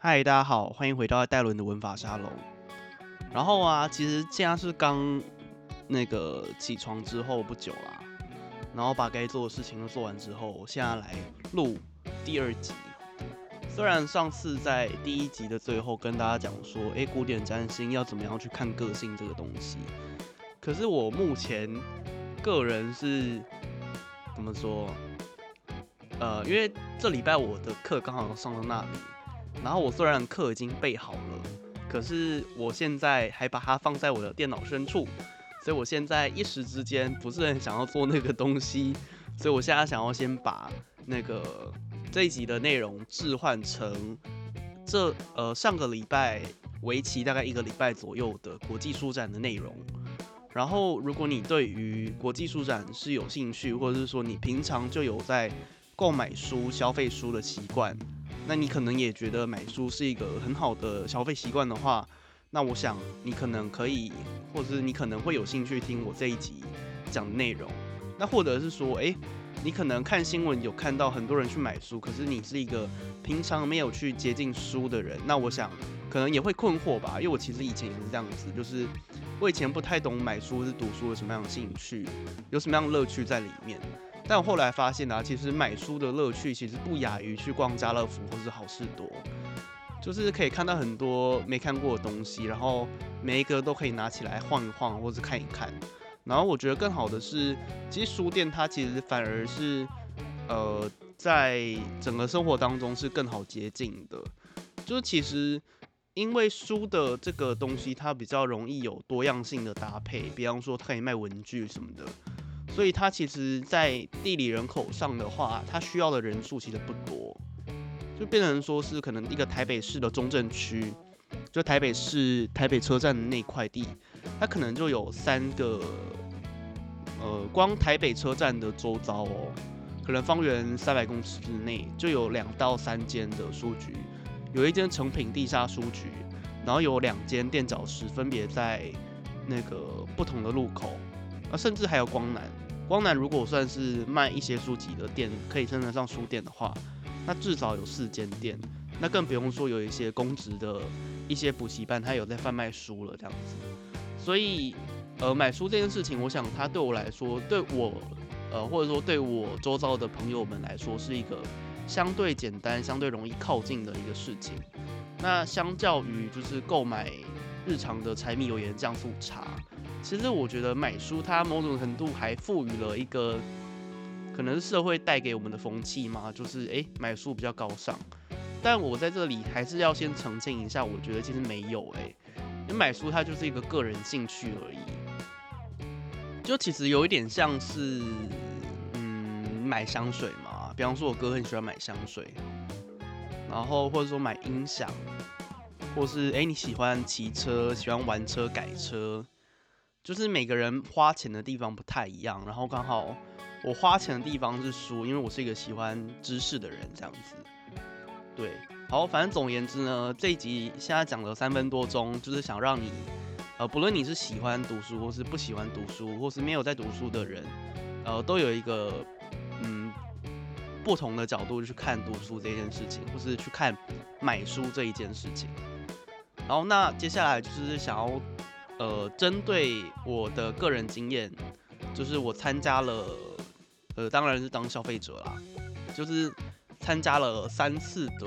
嗨，Hi, 大家好，歡迎回到戴倫的文法沙龍。然後啊，其實現在是剛那個起床之後不久啦，然後把該做的事情都做完之後，我現在來錄第二集。雖然上次在第一集的最後跟大家講說，哎、欸，古典占星要怎麼樣去看個性這個東西，可是我目前個人是怎麼說？呃，因為這禮拜我的課剛好上到那裡。然後我雖然課已經備好了，可是我現在還把它放在我的電腦深處，所以我現在一時之間不是很想要做那個東西，所以我現在想要先把那個這一集的內容置換成這呃上個禮拜為期大概一個禮拜左右的國際書展的內容，然後如果你對於國際書展是有興趣，或者是說你平常就有在購買書、消費書的習慣，那你可能也覺得買書是一個很好的消費習慣的話，那我想你可能可以，或者是你可能會有興趣聽我這一集講的內容。那或者是說，誒，你可能看新聞有看到很多人去買書，可是你是一個平常沒有去接近書的人，那我想可能也會困惑吧。因為我其實以前也是這樣子，就是我以前不太懂買書是讀書的什麼樣的興趣，有什麼樣的樂趣在裡面。但我後來發現啊，其實買書的樂趣其實不亞於去逛家樂福或是好事多，就是可以看到很多沒看過的東西，然後每一個都可以拿起來晃一晃或者看一看。然後我覺得更好的是，其實書店它其實反而是呃，在整個生活當中是更好接近的，就是其實因為書的這個東西它比較容易有多樣性的搭配，比方說它可以賣文具什麼的。所以它其實，在地理人口上的話，它需要的人數其實不多，就變成說是可能一個台北市的中正區，就台北市台北車站的那塊地，它可能就有三個，呃，光台北車站的周遭哦，可能方圓三百公尺之內就有兩到三間的書局，有一間誠品地下書局，然後有兩間墊腳石分別在那個不同的路口，啊，甚至還有光南。光南如果算是賣一些書籍的店，可以稱得上書店的話，那至少有四間店，那更不用說有一些公職的一些補習班，他有在販賣書了這樣子。所以，呃，買書這件事情，我想它對我來說，對我，呃，或者說對我周遭的朋友們來說，是一個相對簡單、相對容易靠近的一個事情。那相較於就是購買日常的柴米油鹽醬醋茶。其實我覺得買書，它某種程度還賦予了一個，可能是社會帶給我們的風氣嘛，就是哎、欸、買書比較高尚。但我在這裡還是要先澄清一下，我覺得其實沒有哎、欸，你買書它就是一個個人興趣而已。就其實有一點像是，嗯，買香水嘛，比方說我哥很喜歡買香水，然後或者說買音響，或是哎、欸、你喜歡騎車，喜歡玩車改車。就是每個人花錢的地方不太一樣，然後剛好我花錢的地方是書，因為我是一個喜歡知識的人，這樣子。對，好，反正總而言之呢，這一集現在講了三分多鐘，就是想讓你，呃，不論你是喜歡讀書，或是不喜歡讀書，或是沒有在讀書的人，呃，都有一個嗯不同的角度去看讀書這件事情，或是去看買書這一件事情。然後那接下來就是想要。呃，針對我的個人經驗，就是我參加了，呃，當然是當消費者啦，就是參加了三次的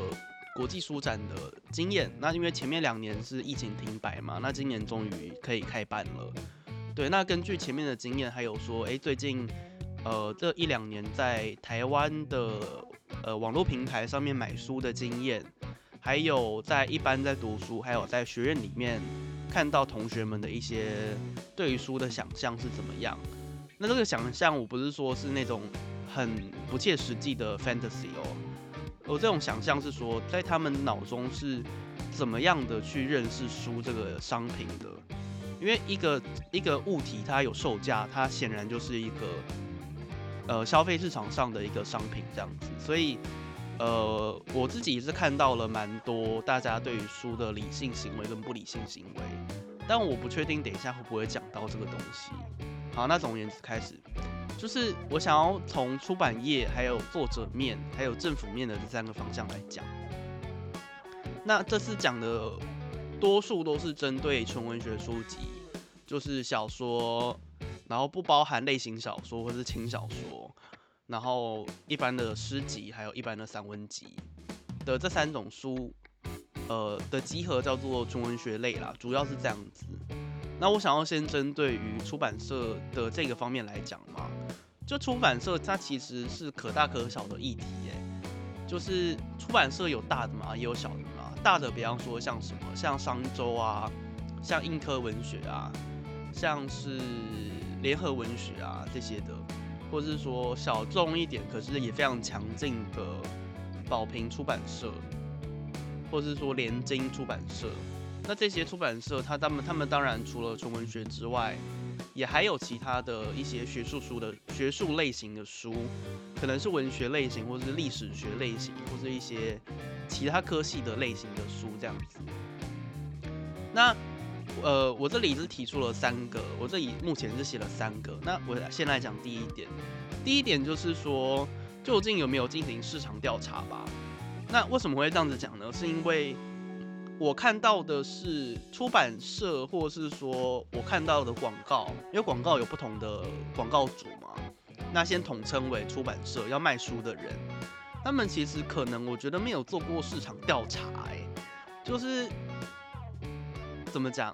國際書展的經驗。那因為前面兩年是疫情停擺嘛，那今年終於可以開辦了。對，那根據前面的經驗，還有說，欸，最近，呃，這一兩年在台灣的呃網絡平台上面買書的經驗，還有在一般在讀書，還有在學院裡面。看到同學們的一些對於書的想象是怎麼樣？那這個想象我不是說是那種很不切實際的 fantasy 哦，我這種想象是說在他們腦中是怎麼樣的去認識書這個商品的？因為一個一個物體它有售價，它顯然就是一個呃消費市場上的一個商品這樣子，所以。呃，我自己也是看到了蠻多大家對於書的理性行為跟不理性行為，但我不確定等一下會不會講到這個東西。好，那總而言之，開始就是我想要從出版業、還有作者面、還有政府面的這三個方向來講。那這次講的多數都是針對純文學書籍，就是小說，然後不包含類型小說或是輕小說。然後一般的詩集，還有一般的散文集的這三種書，呃的集合叫做純文學類啦，主要是這樣子。那我想要先針對於出版社的這個方面來講嘛，就出版社它其實是可大可小的議題，欸，哎，就是出版社有大的嘛，也有小的嘛。大的比方說像什麼，像商周啊，像印刻文學啊，像是聯合文學啊這些的。或是說小眾一點，可是也非常強勁的寶瓶出版社，或是說聯經出版社。那這些出版社，他他們他們當然除了純文學之外，也還有其他的一些學術書的學術類型的書，可能是文學類型，或者是歷史學類型，或是一些其他科系的類型的書這樣子。那。呃，我這裡是提出了三個，我這裡目前是寫了三個。那我先來講第一點，第一點就是說，究竟有沒有進行市場調查吧？那為什麼會這樣子講呢？是因為我看到的是出版社，或是說我看到的廣告，因為廣告有不同的廣告主嘛。那先統稱為出版社要賣書的人，他們其實可能我覺得沒有做過市場調查、欸，哎，就是。怎麼講？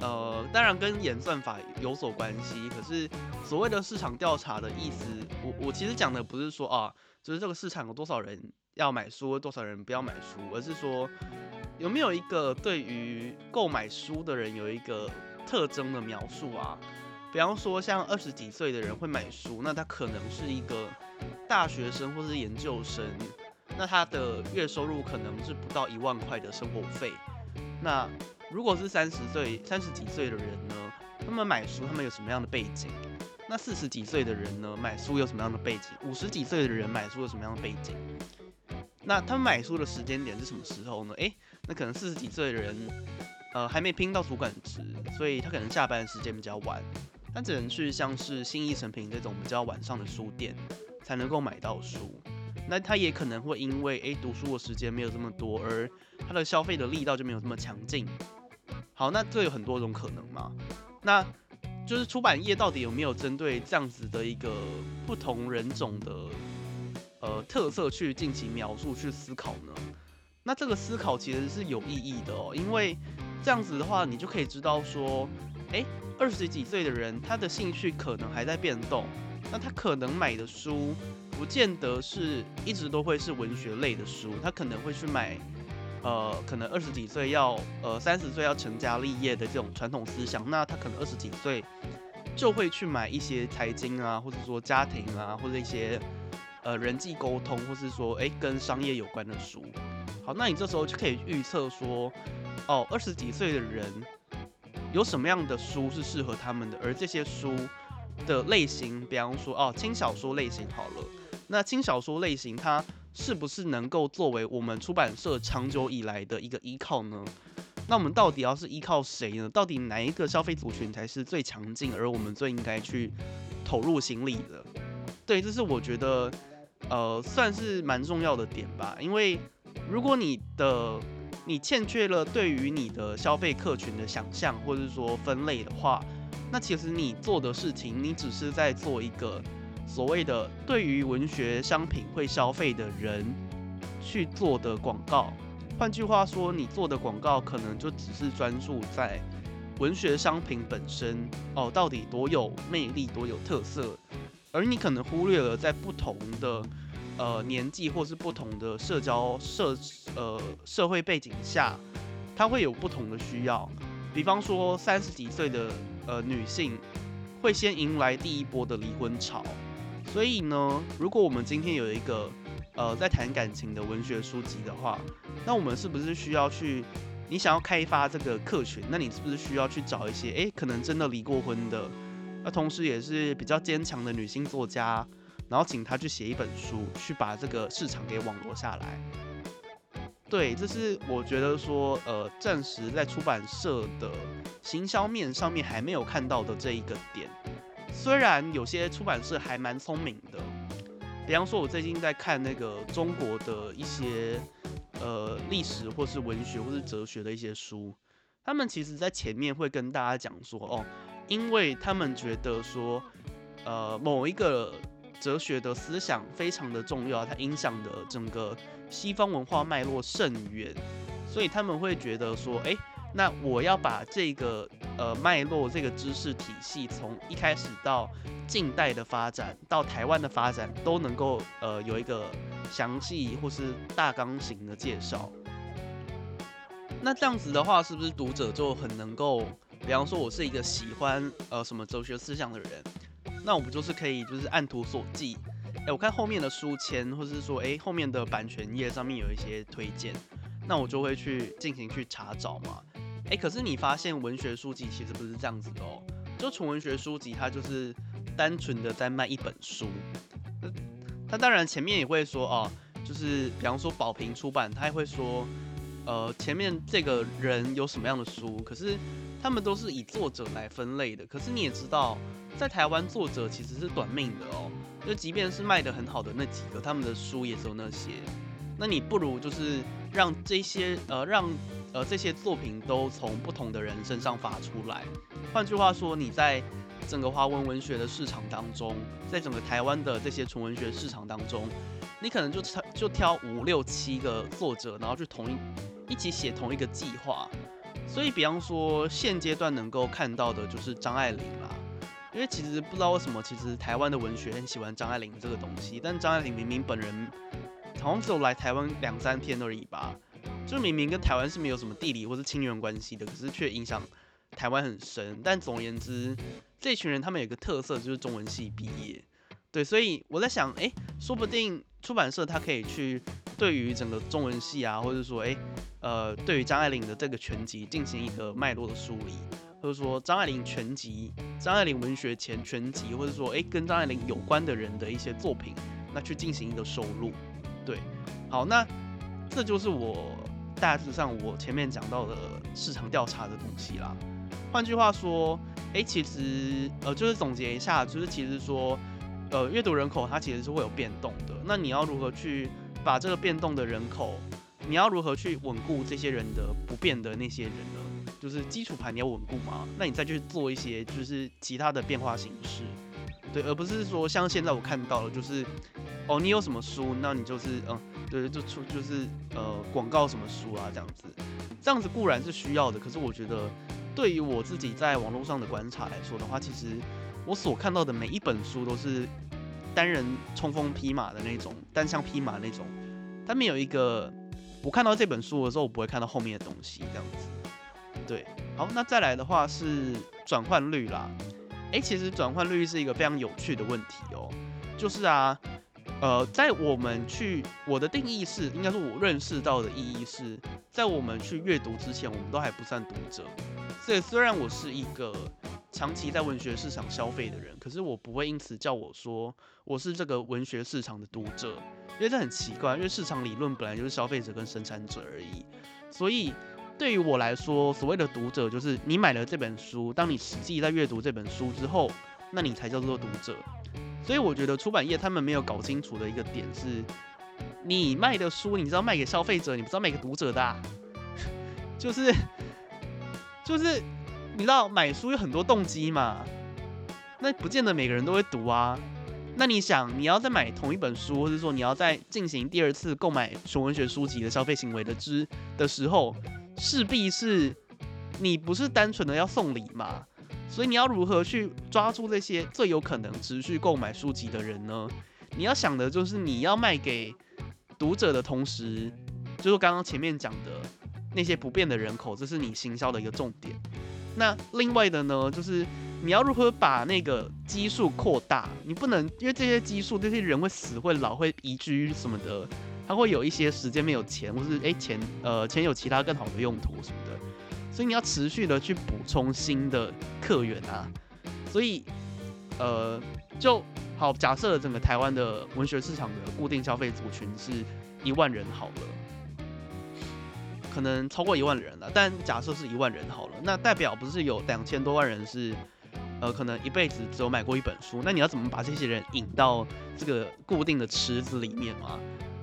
呃，當然跟演算法有所關係。可是所謂的市場調查的意思，我我其實講的不是說啊，就是這個市場有多少人要買書，多少人不要買書，而是說有沒有一個對於購買書的人有一個特徵的描述啊？比方說，像二十幾歲的人會買書，那他可能是一個大學生或是研究生，那他的月收入可能是不到一萬塊的生活費，那。如果是三十歲、三十幾歲的人呢？他們買書，他們有什麼樣的背景？那四十幾歲的人呢？買書有什麼樣的背景？五十幾歲的人買書有什麼樣的背景？那他們買書的時間點是什麼時候呢？誒、欸，那可能四十幾歲的人，呃，還沒拼到主管職，所以他可能下班的時間比較晚，他只能去像是信義誠品這種比較晚上的書店才能夠買到書。那他也可能會因為誒、欸，讀書的時間沒有這麼多，而他的消費的力道就沒有這麼強勁。好，那這有很多種可能嘛。那就是出版業到底有沒有針對這樣子的一個不同人種的呃特色去進行描述、去思考呢？那這個思考其實是有意義的哦，因為這樣子的話，你就可以知道說，誒、欸，二十幾歲的人他的興趣可能還在變動，那他可能買的書不見得是一直都會是文學類的書，他可能會去買。呃，可能二十幾歲要呃三十歲要成家立業的這種傳統思想，那他可能二十幾歲就會去買一些財經啊，或者說家庭啊，或者一些呃人際溝通，或是說誒、欸、跟商業有關的書。好，那你這時候就可以預測說，哦二十幾歲的人有什麼樣的書是適合他們的，而這些書的類型，比方說哦輕小說類型好了，那輕小說類型它。是不是能夠作為我們出版社長久以來的一個依靠呢？那我們到底要是依靠誰呢？到底哪一個消費族群才是最強勁而我們最應該去投入心力的？對，這是我覺得，呃，算是蠻重要的點吧。因為如果你的你欠缺了對於你的消費客群的想象或者說分類的話，那其實你做的事情，你只是在做一個。所謂的對於文學商品會消費的人去做的廣告，換句話說，你做的廣告可能就只是專注在文學商品本身哦，到底多有魅力、多有特色，而你可能忽略了在不同的呃年紀或是不同的社交社呃社會背景下，它會有不同的需要。比方說，三十幾歲的呃女性會先迎來第一波的離婚潮。所以呢，如果我們今天有一個，呃，在談感情的文學書籍的話，那我們是不是需要去？你想要開發這個客群，那你是不是需要去找一些，哎、欸，可能真的離過婚的，那、啊、同時也是比較堅強的女性作家，然後請她去寫一本書，去把這個市場給網羅下來？對，這是我覺得說，呃，暫時在出版社的行銷面上面還沒有看到的這一個點。雖然有些出版社還蠻聰明的，比方說，我最近在看那個中國的一些呃歷史，或是文學，或是哲學的一些書，他們其實在前面會跟大家講說，哦，因為他們覺得說，呃，某一個哲學的思想非常的重要，它影響的整個西方文化脈絡甚遠，所以他們會覺得說，誒、欸。那我要把這個呃脈絡、這個知識體系，從一開始到近代的發展，到台灣的發展，都能夠呃有一個詳細或是大綱型的介紹。那這樣子的話，是不是讀者就很能夠，比方說，我是一個喜歡呃什麼哲學思想的人，那我不就是可以就是按圖索驥？誒、欸，我看後面的書籤，或者是說，誒、欸，後面的版權頁上面有一些推薦，那我就會去進行去查找嘛。誒、欸，可是你發現文學書籍其實不是這樣子的哦。就純文學書籍，它就是單純的在賣一本書。那他當然前面也會說哦，就是比方說寶瓶出版，他也會說，呃，前面這個人有什麼樣的書。可是他們都是以作者來分類的。可是你也知道，在台灣作者其實是短命的哦。就即便是賣得很好的那幾個，他們的書也只有那些。那你不如就是讓這些呃讓。而、呃、這些作品都從不同的人身上發出來。換句話說，你在整個華文文學的市場當中，在整個台灣的這些純文學市場當中，你可能就挑就挑五六七個作者，然後去同一一起寫同一個計劃。所以，比方說現階段能夠看到的就是張愛玲啦。因為其實不知道為什麼，其實台灣的文學很喜歡張愛玲這個東西，但張愛玲明明本人好像只有來台灣兩三天而已吧。就明明跟台灣是沒有什麼地理或是親緣關係的，可是卻影響台灣很深。但總而言之，這群人他們有個特色就是中文系畢業，對，所以我在想，誒，說不定出版社他可以去對於整個中文系啊，或者說，誒，呃，對於張愛玲的這個全集進行一個脈絡的梳理，或者說張愛玲全集、張愛玲文學前全集，或者說，誒，跟張愛玲有關的人的一些作品，那去進行一個收錄，對，好，那這就是我。大致上，我前面講到的市場調查的東西啦。換句話說，欸，其實呃，就是總結一下，就是其實說，呃，閱讀人口它其實是會有變動的。那你要如何去把這個變動的人口？你要如何去穩固這些人的不變的那些人呢？就是基礎盤你要穩固嘛？那你再去做一些就是其他的變化形式，對，而不是說像現在我看到的就是。哦，你有什麼書？那你就是嗯，對，就出就是呃廣告什麼書啊這樣子，這樣子固然是需要的，可是我覺得對於我自己在網絡上的觀察來說的話，其實我所看到的每一本書都是單人衝鋒匹馬的那種，單槍匹馬那種。但沒有一個我看到這本書的時候，我不會看到後面的東西這樣子。對，好，那再來的話是轉換率啦。哎，其實轉換率是一個非常有趣的問題哦，就是啊。呃，在我們去，我的定義是，應該說我認識到的意義是，在我們去閱讀之前，我們都還不算讀者。所以雖然我是一個長期在文學市場消費的人，可是我不會因此叫我說我是這個文學市場的讀者，因為這很奇怪，因為市場理論本來就是消費者跟生產者而已。所以對於我來說，所謂的讀者就是你買了這本書，當你實際在閱讀這本書之後，那你才叫做讀者。所以我覺得出版業他們沒有搞清楚的一個點是，你賣的書，你知道賣給消費者，你不知道賣給讀者的、啊， 就是，就是你知道買書有很多動機嘛，那不見得每個人都會讀啊，那你想你要再買同一本書，或者說你要再進行第二次購買純文學書籍的消費行為的之的時候，勢必是你不是單純的要送禮嘛。所以你要如何去抓住這些最有可能持續購買書籍的人呢？你要想的就是你要賣給讀者的同時，就是剛剛前面講的那些不變的人口，這是你行銷的一個重點。那另外的呢，就是你要如何把那個基數擴大？你不能因為這些基數，這些人會死、會老、會移居什麼的，他會有一些時間沒有錢，或是誒，錢呃錢有其他更好的用途什麼的。所以你要持續的去補充新的客源啊，所以呃，就好假設整個台灣的文學市場的固定消費族群是一萬人好了，可能超過一萬人了啊，但假設是一萬人好了，那代表不是有兩千多萬人是呃可能一輩子只有買過一本書，那你要怎麼把這些人引到這個固定的池子裡面嘛？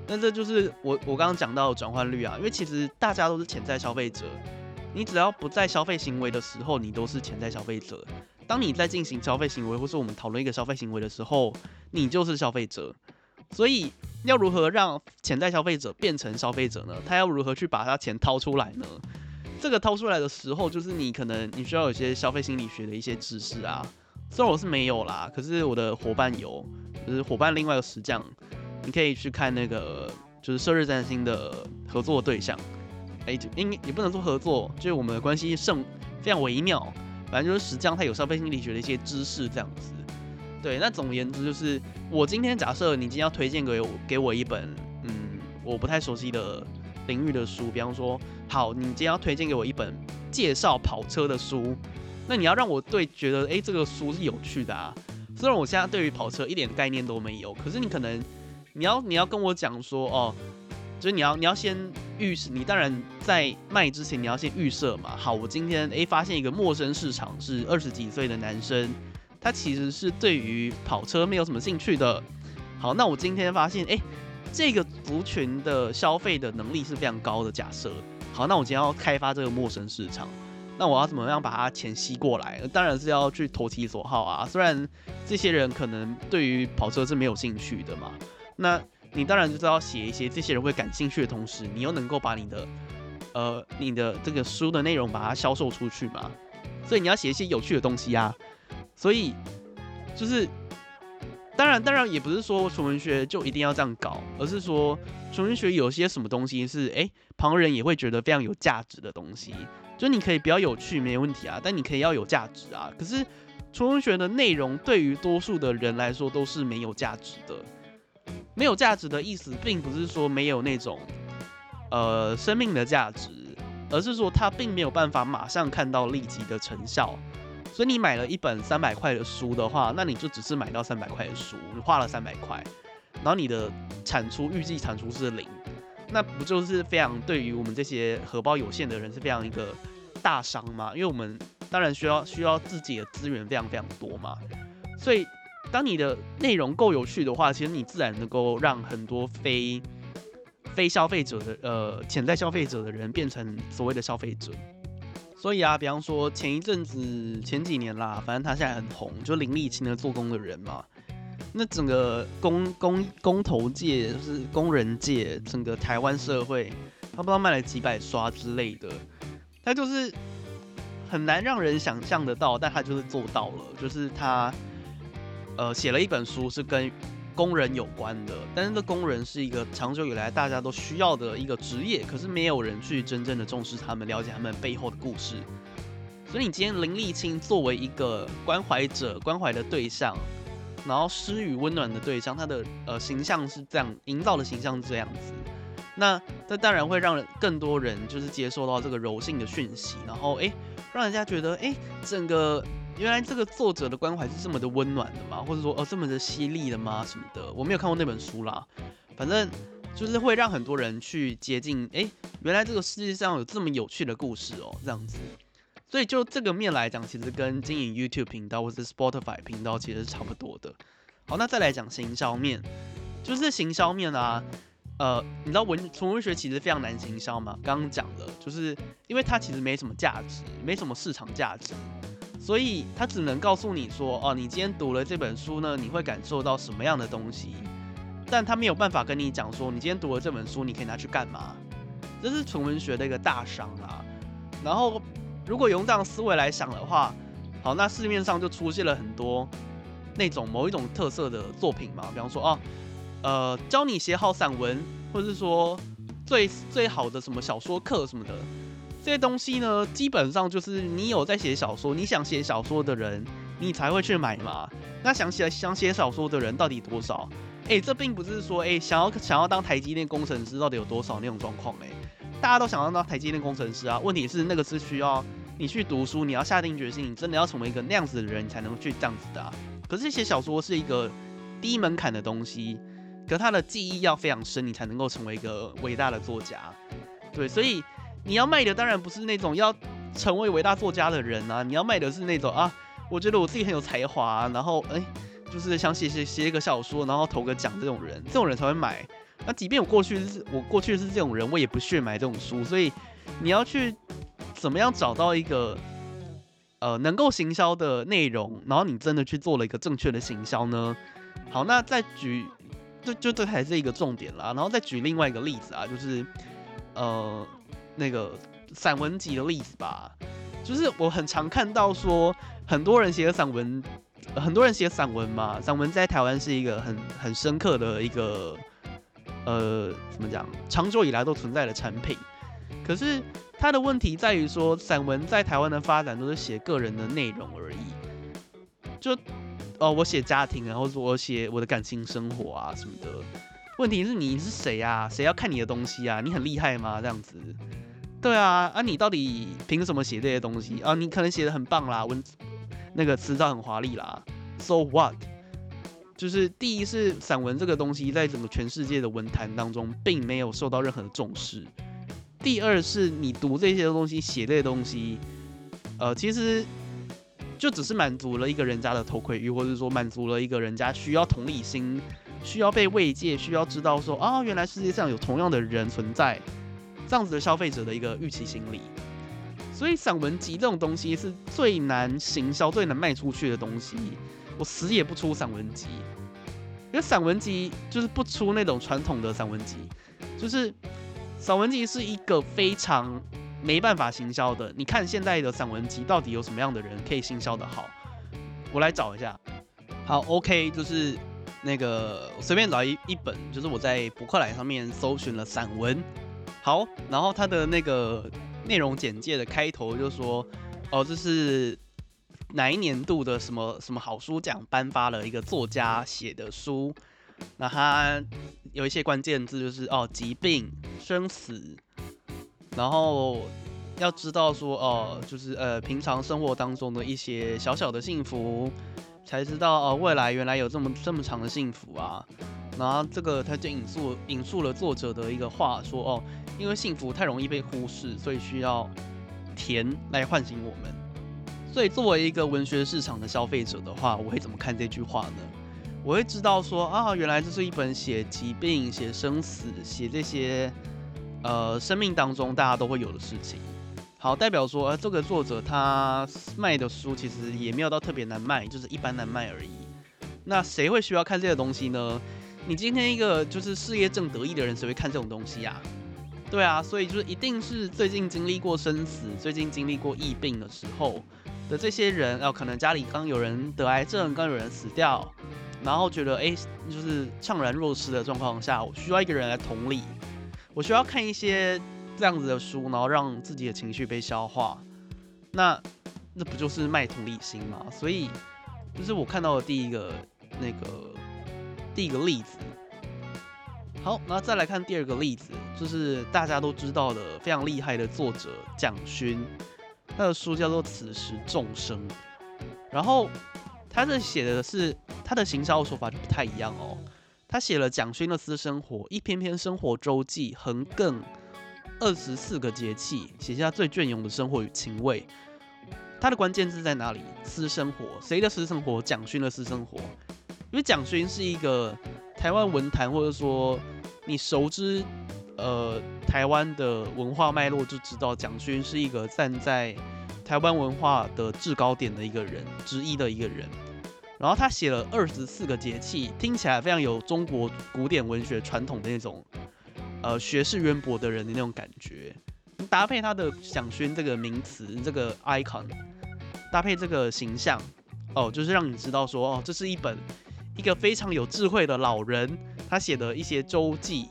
那這就是我我剛剛講到的轉換率啊，因為其實大家都是潛在消費者。你只要不在消費行為的時候，你都是潛在消費者。當你在進行消費行為，或是我們討論一個消費行為的時候，你就是消費者。所以要如何讓潛在消費者變成消費者呢？他要如何去把他錢掏出來呢？這個掏出來的時候，就是你可能你需要有一些消費心理學的一些知識啊。雖然我是沒有啦，可是我的夥伴有，就是夥伴另外一個石匠，你可以去看那個就是《射日占星》的合作對象。哎，應、欸、也不能說合作，就是我們的關係甚非常微妙。反正就是實際上他有消費心理學的一些知識這樣子。對，那總言之就是，我今天假設你今天要推薦給我給我一本，嗯，我不太熟悉的領域的書，比方說，好，你今天要推薦給我一本介紹跑車的書，那你要讓我對覺得，哎、欸，這個書是有趣的啊。雖然我現在對於跑車一點概念都沒有，可是你可能你要你要跟我講說，哦。就是你要，你要先預，你當然在賣之前你要先預設嘛。好，我今天誒發現一個陌生市場是二十幾歲的男生，他其實是對於跑車沒有什麼興趣的。好，那我今天發現誒這個族群的消費的能力是非常高的假設。好，那我今天要開發這個陌生市場，那我要怎麼樣把它錢吸過來？當然是要去投其所好啊。雖然這些人可能對於跑車是沒有興趣的嘛，那。你當然就是要寫一些這些人會感興趣的同時，你又能夠把你的，呃，你的這個書的內容把它銷售出去嘛。所以你要寫一些有趣的東西啊。所以就是，當然，當然也不是說純文學就一定要這樣搞，而是說純文學有些什麼東西是哎旁人也會覺得非常有價值的東西，就你可以比較有趣沒問題啊，但你可以要有價值啊。可是純文學的內容對於多數的人來說都是沒有價值的。沒有價值的意思，並不是說沒有那種呃生命的價值，而是說它並沒有辦法馬上看到立即的成效。所以你買了一本三百塊的書的話，那你就只是買到三百塊的書，你花了三百塊，然後你的產出預計產出是零，那不就是非常對於我們這些荷包有限的人是非常一個大傷嗎？因為我們當然需要需要自己的資源非常非常多嘛，所以。當你的內容夠有趣的話，其實你自然能夠讓很多非非消費者的呃潛在消費者的人變成所謂的消費者。所以啊，比方說前一陣子、前幾年啦，反正他現在很紅，就林立青的做工的人嘛，那整個工工工頭界，就是工人界，整個台灣社會，他不知道賣了幾百刷之類的，他就是很難讓人想象得到，但他就是做到了，就是他。呃，寫了一本書是跟工人有關的，但是這工人是一個長久以來大家都需要的一個職業，可是沒有人去真正的重視他們，了解他們背後的故事。所以你今天林立青作為一個關懷者、關懷的對象，然後施與溫暖的對象，他的呃形象是這樣，營造的形象是這樣子。那這當然會讓更多人就是接受到這個柔性的訊息，然後哎、欸，讓人家覺得哎、欸，整個。原來這個作者的關懷是這麼的溫暖的嗎？或者說，哦，這麼的犀利的嗎？什麼的？我沒有看過那本書啦。反正就是會讓很多人去接近。哎，原來這個世界上有這麼有趣的故事哦，這樣子。所以就這個面來講，其實跟經營 YouTube 頻道或者 Spotify 頻道其實是差不多的。好，那再來講行銷面，就是行銷面啊。呃，你知道文純文學其實非常難行銷嗎？剛剛講了，就是因為它其實沒什麼價值，沒什麼市場價值。所以他只能告訴你說，哦，你今天讀了這本書呢，你會感受到什麼樣的東西？但他沒有辦法跟你講說，你今天讀了這本書，你可以拿去幹嘛？這是純文學的一個大傷啊。然後，如果用這樣思維來想的話，好，那市面上就出現了很多那種某一種特色的作品嘛，比方說，哦，呃，教你寫好散文，或者是說最最好的什麼小說課什麼的。這些東西呢，基本上就是你有在寫小說，你想寫小說的人，你才會去買嘛。那想起來想寫小說的人到底多少？誒、欸，這並不是說誒、欸，想要想要當台積電工程師到底有多少那種狀況誒，大家都想要當台積電工程師啊。問題是那個是需要你去讀書，你要下定決心，你真的要成為一個那樣子的人，你才能去這樣子的、啊。可是寫小說是一個低門檻的東西，可是他的記憶要非常深，你才能夠成為一個偉大的作家。對，所以。你要賣的當然不是那種要成為偉大作家的人啊，你要賣的是那種啊，我覺得我自己很有才華、啊，然後哎、欸，就是想寫寫寫一個小說，然後投個獎這種人，這種人才會買。那即便我過去是我過去是這種人，我也不屑買這種書。所以你要去怎麼樣找到一個呃能夠行銷的內容，然後你真的去做了一個正確的行銷呢？好，那再舉就就這還是一個重點啦。然後再舉另外一個例子啊，就是呃。那個散文集的例子吧，就是我很常看到說，很多人寫散文，呃、很多人寫散文嘛。散文在台灣是一個很很深刻的一個，呃，怎麼講，長久以來都存在的產品。可是它的問題在於說，散文在台灣的發展都是寫個人的內容而已。就，哦，我寫家庭，然後說我寫我的感情生活啊什麼的。問題是你是誰啊？誰要看你的東西啊？你很厲害嗎？這樣子。對啊，啊，你到底憑什麼寫這些東西啊？你可能寫得很棒啦，文那個詞藻很華麗啦。So what？就是第一是散文這個東西在整個全世界的文壇當中並沒有受到任何的重視。第二是你讀這些東西、寫這些東西，呃，其實就只是滿足了一個人家的偷窺慾，或者說滿足了一個人家需要同理心、需要被慰藉、需要知道說啊，原來世界上有同樣的人存在。這樣子的消費者的一個預期心理，所以散文集這種東西是最難行銷、最難賣出去的東西。我死也不出散文集，因為散文集就是不出那種傳統的散文集，就是散文集是一個非常沒辦法行銷的。你看現在的散文集到底有什麼樣的人可以行銷得好？我來找一下，好，OK，就是那個我隨便找一一本，就是我在博客來上面搜尋了散文。好，然後他的那個內容簡介的開頭就說，哦，這是哪一年度的什麼什麼好書獎頒發了一個作家寫的書，那他有一些關鍵字，就是哦，疾病、生死，然後要知道說哦，就是呃平常生活當中的一些小小的幸福，才知道哦，未來原來有這麼這麼長的幸福啊，然後這個他就引述引述了作者的一個話說哦。因為幸福太容易被忽視，所以需要甜來喚醒我們。所以，作為一個文學市場的消費者的話，我會怎麼看這句話呢？我會知道說啊，原來這是一本寫疾病、寫生死、寫這些呃生命當中大家都會有的事情。好，代表說，呃，這個作者他賣的書其實也沒有到特別難賣，就是一般難賣而已。那誰會需要看這些東西呢？你今天一個就是事業正得意的人，誰會看這種東西呀，啊？對啊，所以就是一定是最近經歷過生死、最近經歷過疫病的時候的這些人，哦、呃，可能家裡剛有人得癌症，剛，剛有人死掉，然後覺得，哎，就是悵然若失的狀況下，我需要一個人來同理，我需要看一些這樣子的書，然後讓自己的情緒被消化，那那不就是賣同理心嘛？所以就是我看到的第一個那個第一個例子。好，那再來看第二個例子，就是大家都知道的非常厲害的作者蔣勳，他的書叫做《此時眾生》，然後他這寫的是他的行銷的說法就不太一樣哦，他寫了蔣勳的私生活，一篇篇生活周記，橫亙二十四個節氣，寫下最雋永的生活與情味。他的關鍵字在哪裡？私生活，誰的私生活？蔣勳的私生活，因為蔣勳是一個台灣文壇或者說。你熟知，呃，台灣的文化脈絡就知道，蔣勳是一個站在台灣文化的制高點的一個人之一的一個人。然後他寫了二十四個節氣，聽起來非常有中國古典文學傳統的那種，呃，學識淵博的人的那種感覺。搭配他的蔣勳這個名詞、這個 icon，搭配這個形象，哦，就是讓你知道說，哦，這是一本。一個非常有智慧的老人，他寫的一些周記，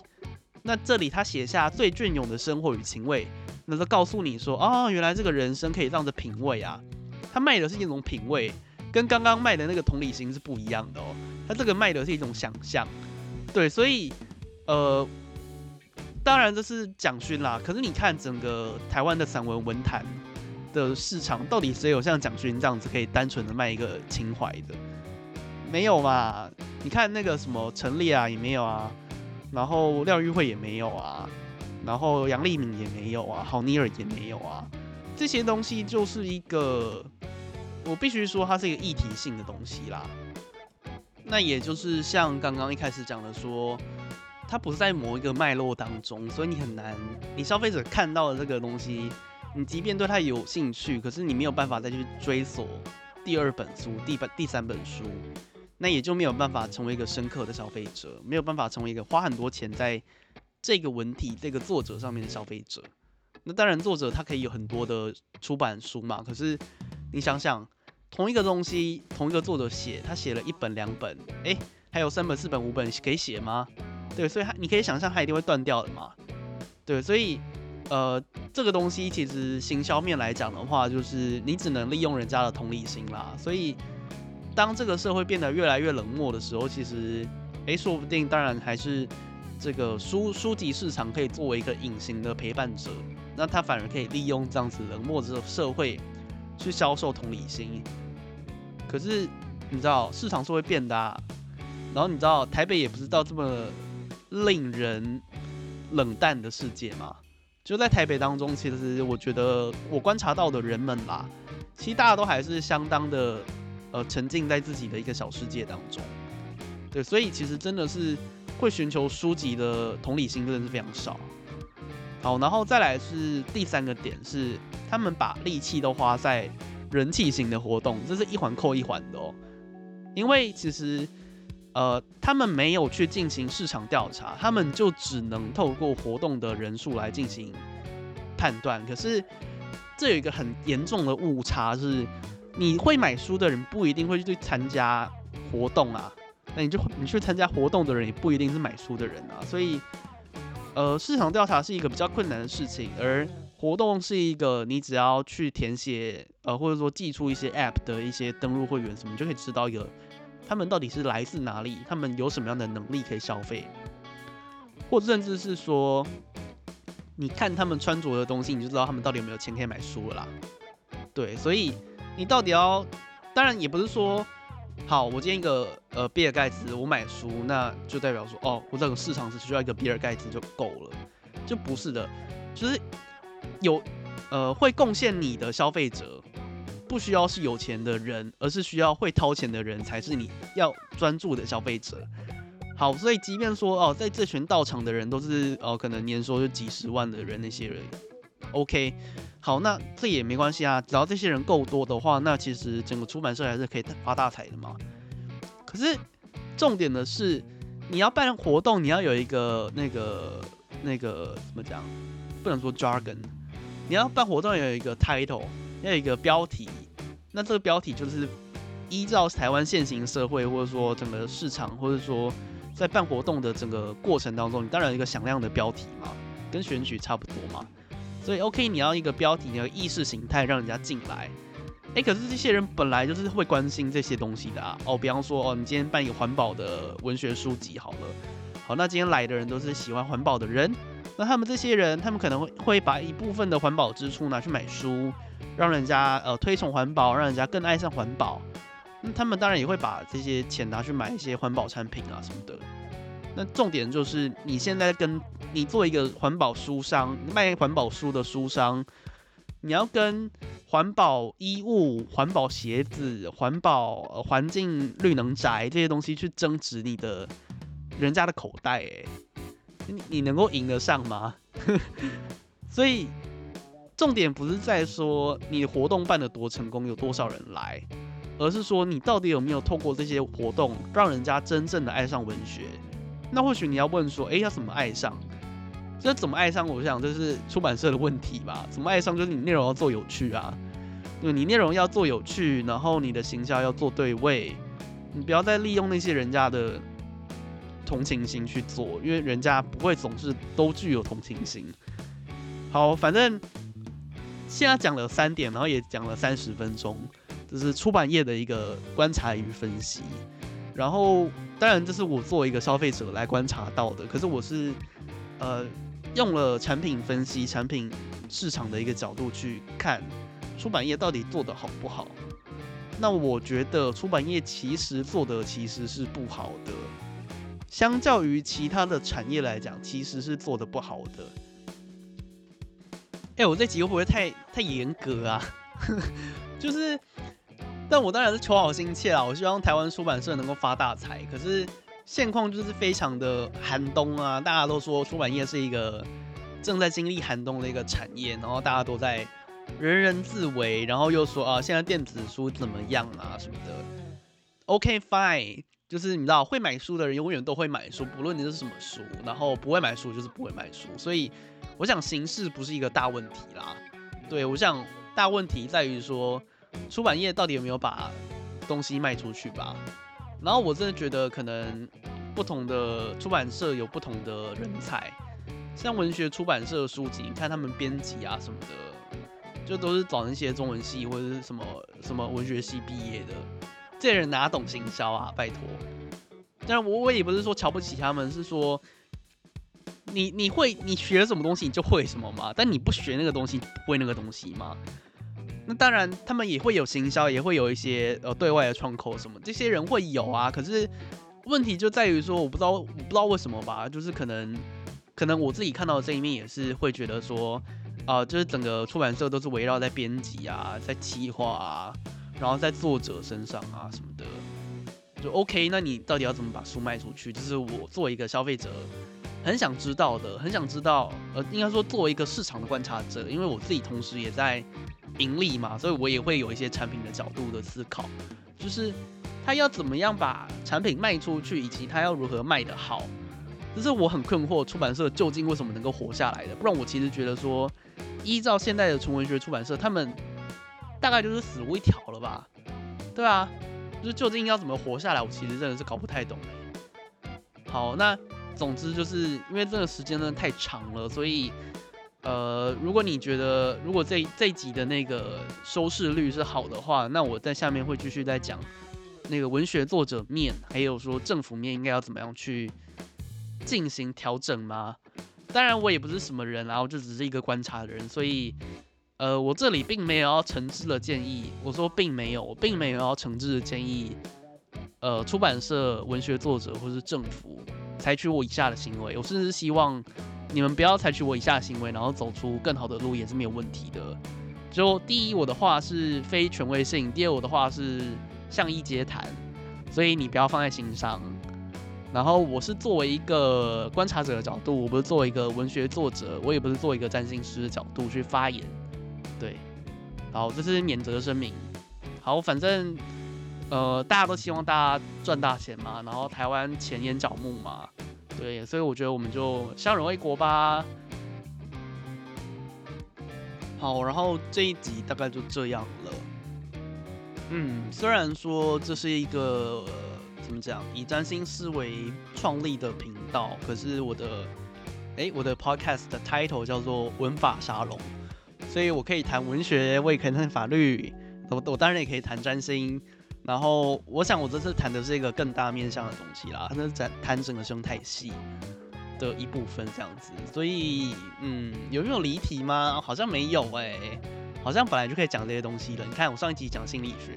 那這裡他寫下最雋永的生活與情味，那就告訴你說啊、哦，原來這個人生可以這樣子品味啊，他賣的是一種品味，跟剛剛賣的那個同理心是不一樣的哦，他這個賣的是一種想象對，所以呃，當然這是蔣勳啦，可是你看整個台灣的散文文壇的市場，到底誰有像蔣勳這樣子可以單純的賣一個情懷的？沒有嘛？你看那個什麼陳麗啊，也沒有啊。然後廖玉蕙也沒有啊。然後楊麗敏也沒有啊。郝妮爾也沒有啊。這些東西就是一個，我必須說它是一個議題性的東西啦。那也就是像剛剛一開始講的說，說它不是在某一個脈絡當中，所以你很難，你消費者看到的這個東西，你即便對它有興趣，可是你沒有辦法再去追索第二本書、第本第三本書。那也就沒有辦法成為一個深刻的消費者，沒有辦法成為一個花很多錢在這個文體、這個作者上面的消費者。那當然，作者他可以有很多的出版書嘛。可是你想想，同一個東西，同一個作者寫，他寫了一本、兩本，哎、欸，還有三本、四本、五本可以寫嗎？對，所以他你可以想象他一定會斷掉的嘛。對，所以呃，這個東西其實行銷面來講的話，就是你只能利用人家的同理心啦。所以。當這個社會變得越來越冷漠的時候，其實，誒，說不定當然還是這個書書籍市場可以作為一個隱形的陪伴者，那他反而可以利用這樣子冷漠的社社會去銷售同理心。可是你知道市場是會變的，然後你知道台北也不是到這麼令人冷淡的世界嘛。就在台北當中，其實我覺得我觀察到的人們啦，其實大家都還是相當的。呃，沉浸在自己的一個小世界當中，對，所以其實真的是會尋求書籍的同理心真的是非常少。好，然後再來是第三個點是，他們把力氣都花在人氣型的活動，這是一環扣一環的哦。因為其實呃，他們沒有去進行市場調查，他們就只能透過活動的人數來進行判斷。可是這有一個很嚴重的誤差是。你會買書的人不一定會去參加活動啊，那你就會，你去參加活動的人也不一定是買書的人啊，所以，呃，市場調查是一個比較困難的事情，而活動是一個你只要去填寫呃或者說寄出一些 App 的一些登錄會員，什麼你就可以知道有他們到底是來自哪裡，他們有什麼樣的能力可以消費，或甚至是說你看他們穿着的東西，你就知道他們到底有沒有錢可以買書了啦，對，所以。你到底要？當然也不是說，好，我今天一個呃比爾蓋茨，Guide，我買書，那就代表說，哦，我整個市場只需要一個比爾蓋茨就夠了，就不是的。就是有呃會貢獻你的消費者，不需要是有錢的人，而是需要會掏錢的人才是你要專注的消費者。好，所以即便說哦，在這群到場的人都是哦，可能年收入就幾十萬的人那些人。OK，好，那這也沒關係啊，只要這些人夠多的話，那其實整個出版社還是可以發大財的嘛。可是重點的是，你要辦活動，你要有一個那個那個怎麼講？不能說 jargon，你要辦活動，要有一個 title，要有一個標題。那這個標題就是依照台灣現行社會，或者說整個市場，或者說在辦活動的整個過程當中，你當然有一個響亮的標題嘛，跟選舉差不多嘛。所以，OK，你要一個標題，你要意識形態，讓人家進來。哎、欸，可是這些人本來就是會關心這些東西的啊。哦，比方說，哦，你今天辦一個環保的文學書籍好了。好，那今天來的人都是喜歡環保的人。那他們這些人，他們可能會會把一部分的環保支出拿去買書，讓人家呃推崇環保，讓人家更愛上環保。那他們當然也會把這些錢拿去買一些環保產品啊，什麼的。那重點就是你現在跟你做一個環保書商賣環保書的書商，你要跟環保衣物、環保鞋子、環保、呃、環境綠能宅這些東西去爭執。你的人家的口袋、欸，哎，你你能夠贏得上嗎？ 所以重點不是在說你活動辦得多成功，有多少人來，而是說你到底有沒有透過這些活動，讓人家真正的愛上文學。那或許你要問說，哎、欸，要怎麼愛上？這怎麼愛上？我想這是出版社的問題吧。怎麼愛上？就是你內容要做有趣啊，你內容要做有趣，然後你的形象要做對位，你不要再利用那些人家的同情心去做，因為人家不會總是都具有同情心。好，反正現在講了三點，然後也講了三十分鐘，這、就是出版業的一個觀察與分析。然後，當然這是我作為一個消費者來觀察到的。可是我是，呃，用了產品分析、產品市場的一個角度去看出版業到底做得好不好。那我覺得出版業其實做得其實是不好的，相較於其他的產業來講，其實是做得不好的。哎，我這集會不會太太嚴格啊？ 就是。但我當然是求好心切啦，我希望台灣出版社能夠發大財。可是現況就是非常的寒冬啊！大家都說出版業是一個正在經歷寒冬的一個產業，然後大家都在人人自危，然後又說啊，現在電子書怎麼樣啊什麼的。OK fine，就是你知道會買書的人永遠都會買書，不論你是什麼書，然後不會買書就是不會買書。所以我想形式不是一個大問題啦。對，我想大問題在於說。出版業到底有沒有把東西賣出去吧？然後我真的覺得，可能不同的出版社有不同的人才。像文學出版社的書籍，你看他們編輯啊什麼的，就都是找那些中文系或者是什麼什麼文學系畢業的。這些人哪懂行銷啊？拜託！當然，我我也不是說瞧不起他們，是說你你會你學了什麼東西，你就會什麼嘛。但你不學那個東西，你會那個東西嗎？那當然，他們也會有行銷，也會有一些呃對外的窗口什麼，這些人會有啊。可是問題就在於說，我不知道，我不知道為什麼吧，就是可能，可能我自己看到的這一面也是會覺得說，啊、呃，就是整個出版社都是圍繞在編輯啊，在企劃啊，然後在作者身上啊什麼的，就 OK。那你到底要怎麼把書賣出去？就是我作為一個消費者。很想知道的，很想知道。呃，應該說，作為一個市場的觀察者，因為我自己同時也在盈利嘛，所以我也會有一些產品的角度的思考，就是他要怎麼樣把產品賣出去，以及他要如何賣得好。就是我很困惑，出版社究竟為什麼能夠活下來的？不然我其實覺得說，依照現在的純文學出版社，他們大概就是死路一條了吧？對啊，就是究竟要怎麼活下來，我其實真的是搞不太懂。好，那。總之，就是因為這個時間真的太長了，所以，呃，如果你覺得如果這一這一集的那個收視率是好的話，那我在下面會繼續再講那個文學作者面，還有說政府面應該要怎麼樣去進行調整嗎？當然，我也不是什麼人啊，然後就只是一個觀察的人，所以，呃，我這裡並沒有要誠摯的建議。我說並沒有，我並沒有要誠摯的建議。呃，出版社、文學作者或是政府採取我以下的行為，我甚至是希望你們不要採取我以下的行為，然後走出更好的路也是沒有問題的。就第一，我的話是非權威性；第二，我的話是巷議街談，所以你不要放在心上。然後我是作為一個觀察者的角度，我不是作為一個文學作者，我也不是做一個占星師的角度去發言。對，好，這是免責聲明。好，反正。呃，大家都希望大家賺大錢嘛，然後台灣錢淹腳目嘛，對，所以我覺得我們就相濡以沫吧。好，然後這一集大概就這樣了。嗯，雖然說這是一個、呃、怎麼講，以占星思維創立的頻道，可是我的誒、欸，我的 podcast 的 title 叫做文法沙龍，所以我可以談文學，我也可以談法律，我我當然也可以談占星。然後我想，我這次談的是一個更大面向的東西啦，那是談整個生態系的一部分這樣子。所以，嗯，有沒有離題嗎？好像沒有誒、欸，好像本來就可以講這些東西的。你看，我上一集講心理學，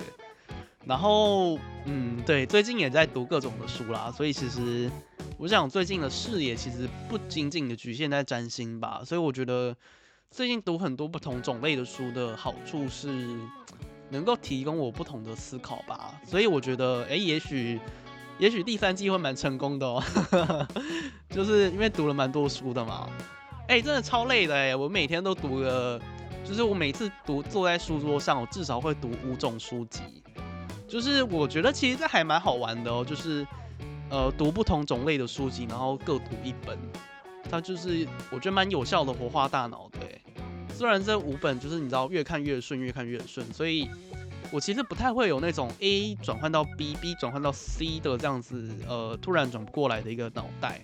然後，嗯，對，最近也在讀各種的書啦。所以，其實我想，最近的視野其實不僅僅的局限在占星吧。所以，我覺得最近讀很多不同種類的書的好處是。能夠提供我不同的思考吧，所以我覺得，哎、欸，也許，也許第三季會蠻成功的哦、喔， 就是因為讀了蠻多書的嘛，哎、欸，真的超累的哎、欸，我每天都讀個，就是我每次讀坐在書桌上，我至少會讀五種書籍。就是我覺得其實這還蠻好玩的哦、喔，就是呃讀不同種類的書籍，然後各讀一本，它就是我覺得蠻有效的活化大腦對、欸。雖然這五本就是你知道越看越順，越看越順，所以我其實不太會有那種 A 轉換到 B，B 轉換到 C 的這樣子，呃，突然轉不過來的一個腦袋。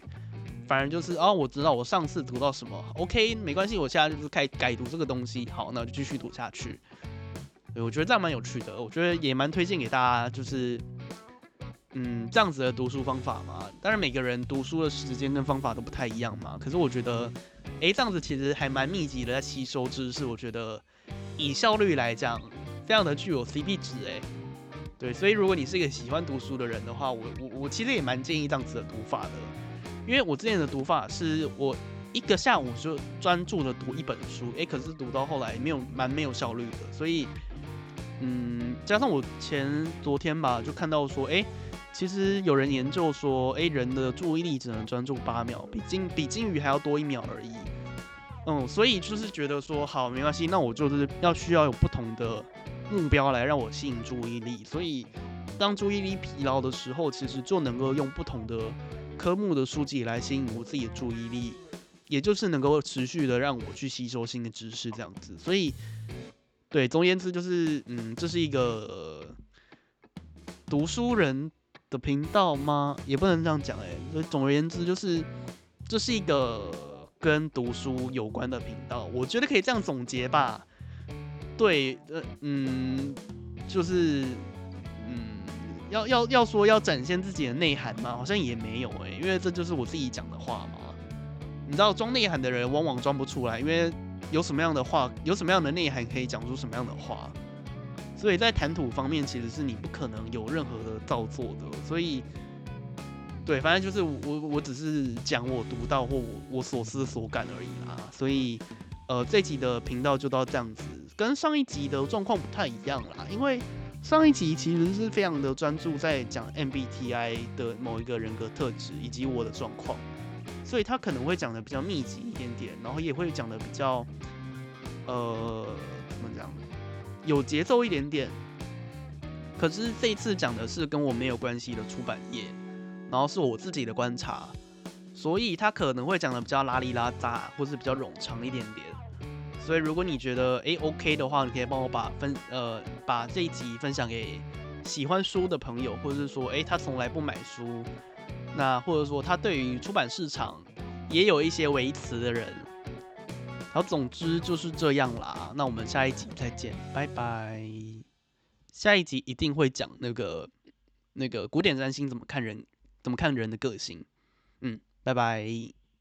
反正就是哦，我知道我上次讀到什麼，OK，沒關係，我現在就是開改讀這個東西，好，那我就繼續讀下去。對，我覺得這樣蠻有趣的，我覺得也蠻推薦給大家，就是嗯，這樣子的讀書方法嘛。當然每個人讀書的時間跟方法都不太一樣嘛，可是我覺得。欸，這樣子其實還蠻密集的在吸收知識，我覺得以效率來講，非常的具有 CP 值欸。對，所以如果你是一個喜歡讀書的人的話，我我我其實也蠻建議這樣子的讀法的，因為我之前的讀法是我一個下午就專注的讀一本書，欸，可是讀到後來沒有蠻沒有效率的，所以嗯，加上我前昨天吧就看到說欸。其實有人研究說，a、欸、人的注意力只能專注八秒，比金比金魚還要多一秒而已。嗯，所以就是覺得說，好，沒關係，那我就，就是要需要有不同的目標來讓我吸引注意力。所以，當注意力疲勞的時候，其實就能夠用不同的科目的書籍來吸引我自己的注意力，也就是能夠持續的讓我去吸收新的知識。這樣子，所以，對，總而言之，就是，嗯，這是一個、呃、讀書人。頻道嗎？也不能這樣講欸。總而言之，就是，就是這是一個跟讀書有關的頻道，我覺得可以這樣總結吧。對，呃，嗯，就是，嗯，要要要說要展現自己的內涵嗎？好像也沒有欸，因為這就是我自己講的話嘛。你知道，裝內涵的人往往裝不出來，因為有什麼樣的話，有什麼樣的內涵，可以講出什麼樣的話。所以在談吐方面，其實是你不可能有任何的造作的。所以，對，反正就是我，我只是講我讀到或我我所思所感而已啦。所以，呃，這集的頻道就到這樣子，跟上一集的狀況不太一樣啦。因為上一集其實是非常的專注在講 MBTI 的某一個人格特質以及我的狀況，所以他可能會講得比較密集一點點，然後也會講得比較，呃。有節奏一點點，可是這一次講的是跟我沒有關係的出版業，然後是我自己的觀察，所以他可能會講的比較拉里拉雜，或是比較冗長一點點。所以如果你覺得誒 OK 的話，你可以幫我把分呃把這一集分享給喜歡書的朋友，或者是說誒他從來不買書，那或者說他對於出版市場也有一些微詞的人。好，總之就是這樣啦。那我們下一集再見，拜拜。下一集一定會講那個那個古典占星怎麼看人，怎麼看人的個性。嗯，拜拜。